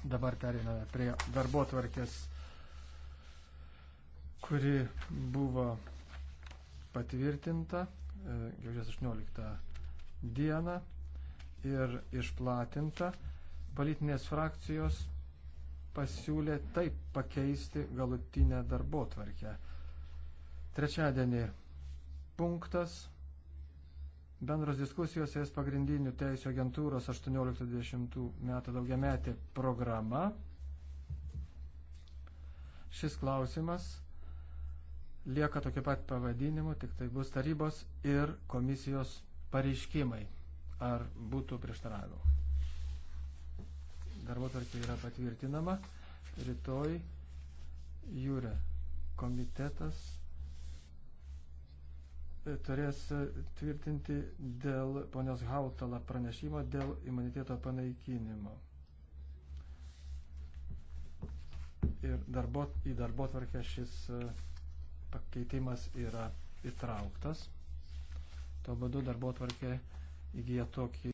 Dabar periname prie darbo tvarkės, kuri buvo patvirtinta e, gegužės 18 dieną ir išplatinta. Politinės frakcijos pasiūlė taip pakeisti galutinę darbo tvarkę. Trečiadienį punktas bendros diskusijos es pagrindinių teisų agentūros 18-20 metų daugiametė programa. Šis klausimas lieka tokiu pat pavadinimu, tik tai bus tarybos ir komisijos pareiškimai. Ar būtų prieštaravimų? Darbo tarkė yra patvirtinama. Rytoj jūrė komitetas turės tvirtinti dėl ponios Hautala pranešimo dėl imuniteto panaikinimo. Ir darbo, į darbo tvarkę šis e, pakeitimas yra įtrauktas. Tuo būdu darbo tvarkė įgyja tokį